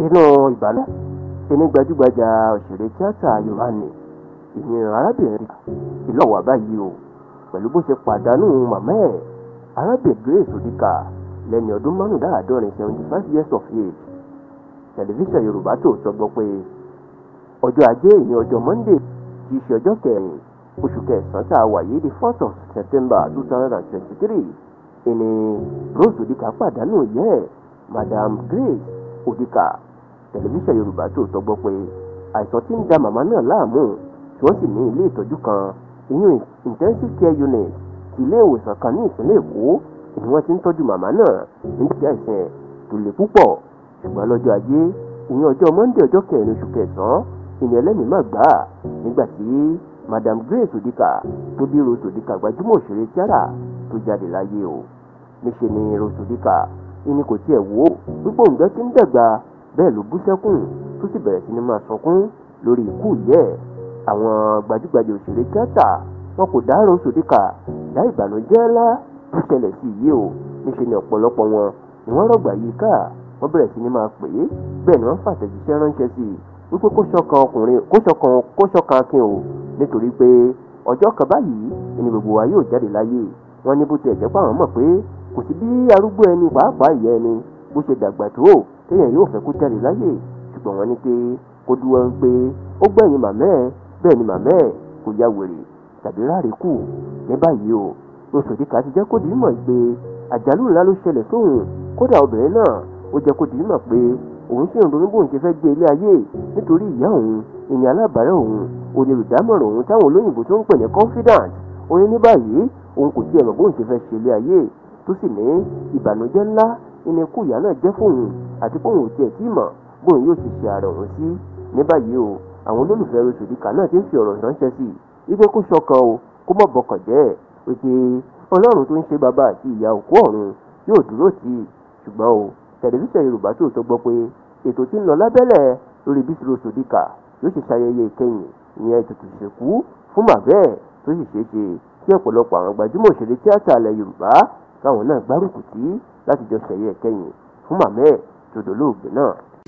inú ìbálẹ̀ ẹni gbajúgbajà òṣèré tíátà yorùbá ni ìyẹn arábìnrin ìlọ́wà báyìí o pẹ̀lú bó ṣe pàdánù màmá ẹ̀ arábìnrin grace odika lẹ́ni ọdún márùndínláàádọ́rin seventy five years of age tẹlifíṣàn yorùbá Tòótọ́ gbọ́ pé ọjọ́ ajé ìyẹn ọjọ́ monday ti ṣe ọjọ́ kẹrin oṣù kẹsàn-án tá a wà yìí di fourth of september two thousand and twenty three ìní rose odika pàdánù ìyá madam grace odika tẹlifíṣàn yorùbá tòótọ́ gbọ́ pé àìsàn tí ń da màmá náà láàmú tí wọ́n sì ní ilé ìtọ́jú kan ìyún intensive care unit ti ilé ìwòsàn kan ní ìpínlẹ̀ èkó ni wọ́n ti ń tọ́jú màmá náà nígbà àìsàn tó le púpọ̀ ṣùgbọ́n lọ́jọ́ ajé ìyẹn ọjọ́ monday ọjọ́ kẹrin oṣù kẹsàn-án ìyẹn má gbà á nígbà tí madam grace odika tó bí rose odika gbajúmọ̀ òṣèré tíátà tó jáde láyé o níṣe ni rose odika ìní kò tiẹ̀ wò ó wípé òǹgá ti ń dàgbà bẹ́ẹ̀ ló bú sẹ́kùn tó sì bẹ̀rẹ̀ sí ni máa sọkún lórí ikú ìyẹ́ ẹ̀ àwọn gbajúgbajà òṣèré tíátà wọn kò dárò sódìkà dá ìbànújẹ́ ńlá tó ṣẹlẹ̀ sí yìí o níṣe ni ọ̀pọ̀lọpọ̀ wọn ni wọ́n rọ̀gbà yìí ká wọ́n bẹ̀rẹ̀ sí ni máa pè é bẹ́ẹ̀ ni wọ́n fàtẹ̀jíṣẹ́ ránṣẹ́ sí i wípé kó ṣọkan ọkùnrin kó ṣọkan kó ṣọkan akin o nítorí pé ọjọ́ kan báyìí ẹni gbogbo wa yóò jáde láyé wọ́n ní bó tiẹ̀ jẹ́ pé mọ̀ pé kò sí bí arúgbó ẹni pàápàá ìyá ẹni bó ṣe dàgbà tó téèyàn yóò fẹ́ kó jáde láyè ṣùgbọ́n wọ́n ní pé kó dúró pé ó gbẹ̀yìn màmá ẹ̀ bẹ́ẹ̀ ni màmá ẹ̀ kò ya wèrè tàbí ráre kù ní báyìí o Sódíkà ti jẹ́ kó di mọ̀ pé àjálù ńlá ló ṣẹlẹ̀ sóhun kódà obìnrin náà ó jẹ́ kó di mọ̀ pé òun ṣì ń ronú bóun ṣe fẹ́ gbé ilé ayé nítorí ìyá òun ìní alábàárẹ̀ òun onírùdámọ̀ràn òun táwọn olóyìnbó tó ń pè ní confidant ó ní báyìí òun kò tiẹ̀ mọ̀ bóun ṣe fẹ́ ṣe ilé ayé tó sì ní ìbànújẹ́ ńlá ìníkù ìyá náà jẹ́ fóun àti pé òun ò tiẹ̀ tí mọ̀ bóun yóò ṣe ṣe ààrẹ òun sí ní báyìí o àwọn olólùfẹ́ rẹ̀ Sodiq náà ti ń fi ọ̀rọ̀ ránṣẹ́ sí i wípé kó ṣọkan o kó mọ̀ bọkàn jẹ́ ẹ̀ wípé ọlọ́run tó ń ṣe bàbá àti ìyá òkú ọ̀run yóò dúró tì í ṣùgbọ́n o tẹlifíṣàn Yorùbá Tòótọ́ gbọ́ pé ètò tí ń lọ lábẹ́lẹ̀ lórí Bísírò Sodiq yóò ṣe ṣayẹyẹ ìkẹyìn ìyẹn ètùtù ìṣèkú fún màbẹ́ ẹ̀ tó sì ṣeé ṣe kí ọ̀pọ̀lọpọ̀ àwọn gbajúmọ̀ òṣèré tíátà alẹ́ Yorùbá káwọn náà gbárùkù tì láti jọ ṣẹ̀yẹ ìkẹyìn fún màmẹ́ ẹ̀ tu dulu gitu.